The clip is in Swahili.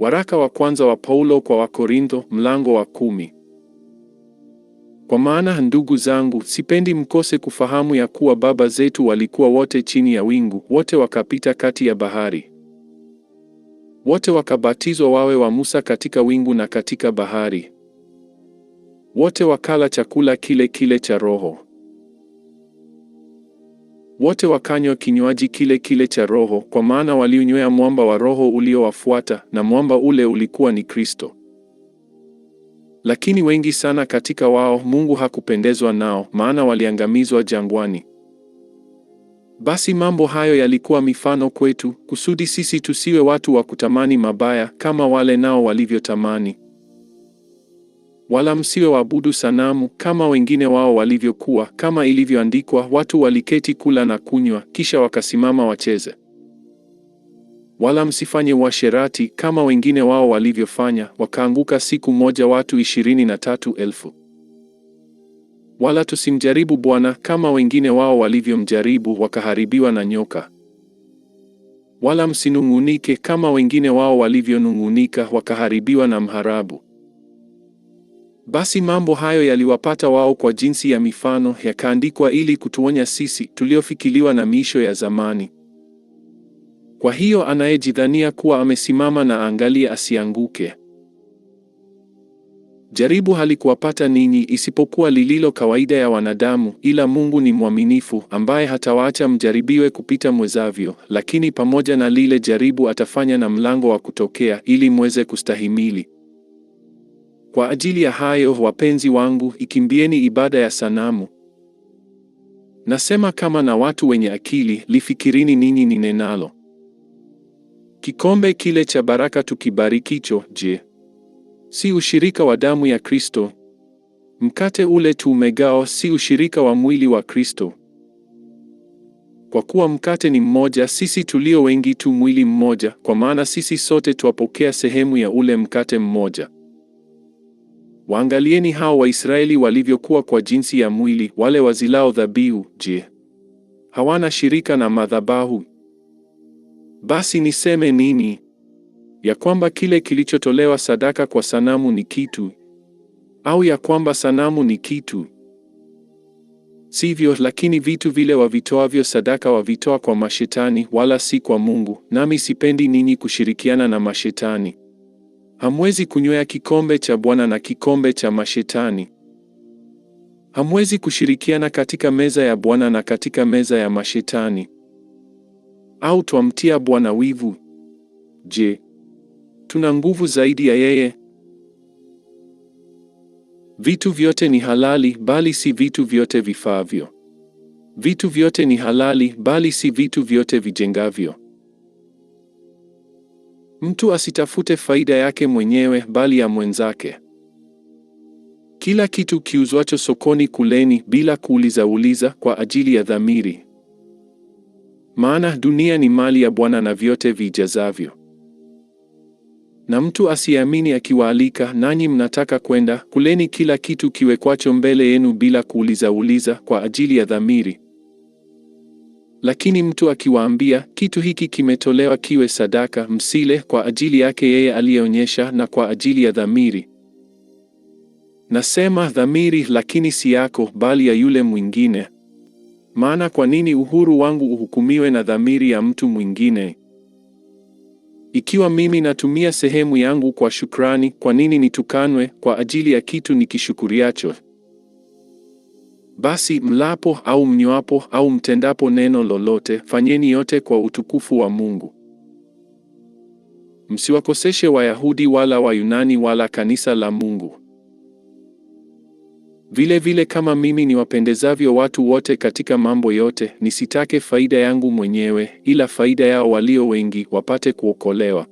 Waraka wa kwanza wa Paulo kwa Wakorintho mlango wa kumi. Kwa maana ndugu zangu, sipendi mkose kufahamu ya kuwa baba zetu walikuwa wote chini ya wingu, wote wakapita kati ya bahari, wote wakabatizwa wawe wa Musa katika wingu na katika bahari, wote wakala chakula kile kile cha roho wote wakanywa kinywaji kile kile cha Roho, kwa maana walionywea mwamba wa Roho uliowafuata, na mwamba ule ulikuwa ni Kristo. Lakini wengi sana katika wao Mungu hakupendezwa nao, maana waliangamizwa jangwani. Basi mambo hayo yalikuwa mifano kwetu, kusudi sisi tusiwe watu wa kutamani mabaya, kama wale nao walivyotamani wala msiwe waabudu sanamu kama wengine wao walivyokuwa; kama ilivyoandikwa, watu waliketi kula na kunywa, kisha wakasimama wacheze. Wala msifanye uasherati kama wengine wao walivyofanya, wakaanguka siku moja watu ishirini na tatu elfu. Wala tusimjaribu Bwana kama wengine wao walivyomjaribu, wakaharibiwa na nyoka. Wala msinung'unike kama wengine wao walivyonung'unika, wakaharibiwa na mharabu. Basi mambo hayo yaliwapata wao kwa jinsi ya mifano, yakaandikwa ili kutuonya sisi tuliofikiliwa na miisho ya zamani. Kwa hiyo anayejidhania kuwa amesimama na angalia asianguke. Jaribu halikuwapata ninyi isipokuwa lililo kawaida ya wanadamu, ila Mungu ni mwaminifu, ambaye hatawaacha mjaribiwe kupita mwezavyo, lakini pamoja na lile jaribu atafanya na mlango wa kutokea, ili mweze kustahimili. Kwa ajili ya hayo, wapenzi wangu, ikimbieni ibada ya sanamu. Nasema kama na watu wenye akili, lifikirini ninyi ninenalo. Kikombe kile cha baraka tukibarikicho, je, si ushirika wa damu ya Kristo? Mkate ule tuumegao, si ushirika wa mwili wa Kristo? Kwa kuwa mkate ni mmoja, sisi tulio wengi tu mwili mmoja, kwa maana sisi sote twapokea sehemu ya ule mkate mmoja. Waangalieni hao Waisraeli walivyokuwa kwa jinsi ya mwili, wale wazilao dhabihu. Je, hawana shirika na madhabahu? Basi niseme nini? Ya kwamba kile kilichotolewa sadaka kwa sanamu ni kitu? Au ya kwamba sanamu ni kitu? Sivyo, lakini vitu vile wavitoavyo sadaka wavitoa kwa mashetani, wala si kwa Mungu, nami sipendi ninyi kushirikiana na mashetani. Hamwezi kunywea kikombe cha Bwana na kikombe cha mashetani. Hamwezi kushirikiana katika meza ya Bwana na katika meza ya mashetani. Au twamtia Bwana wivu? Je, tuna nguvu zaidi ya yeye? Vitu vyote ni halali, bali si vitu vyote vifaavyo. Vitu vyote ni halali, bali si vitu vyote vijengavyo. Mtu asitafute faida yake mwenyewe bali ya mwenzake. Kila kitu kiuzwacho sokoni kuleni bila kuuliza uliza kwa ajili ya dhamiri. Maana dunia ni mali ya Bwana na vyote vijazavyo. Na mtu asiamini akiwaalika, nanyi mnataka kwenda, kuleni kila kitu kiwekwacho mbele yenu bila kuuliza uliza kwa ajili ya dhamiri. Lakini mtu akiwaambia, kitu hiki kimetolewa kiwe sadaka, msile kwa ajili yake yeye aliyeonyesha na kwa ajili ya dhamiri. Nasema dhamiri, lakini si yako, bali ya yule mwingine. Maana kwa nini uhuru wangu uhukumiwe na dhamiri ya mtu mwingine? Ikiwa mimi natumia sehemu yangu kwa shukrani, kwa nini nitukanwe kwa ajili ya kitu nikishukuriacho? Basi mlapo au mnywapo au mtendapo neno lolote, fanyeni yote kwa utukufu wa Mungu. Msiwakoseshe Wayahudi wala Wayunani wala kanisa la Mungu. Vile vile kama mimi niwapendezavyo watu wote katika mambo yote, nisitake faida yangu mwenyewe, ila faida yao walio wengi wapate kuokolewa.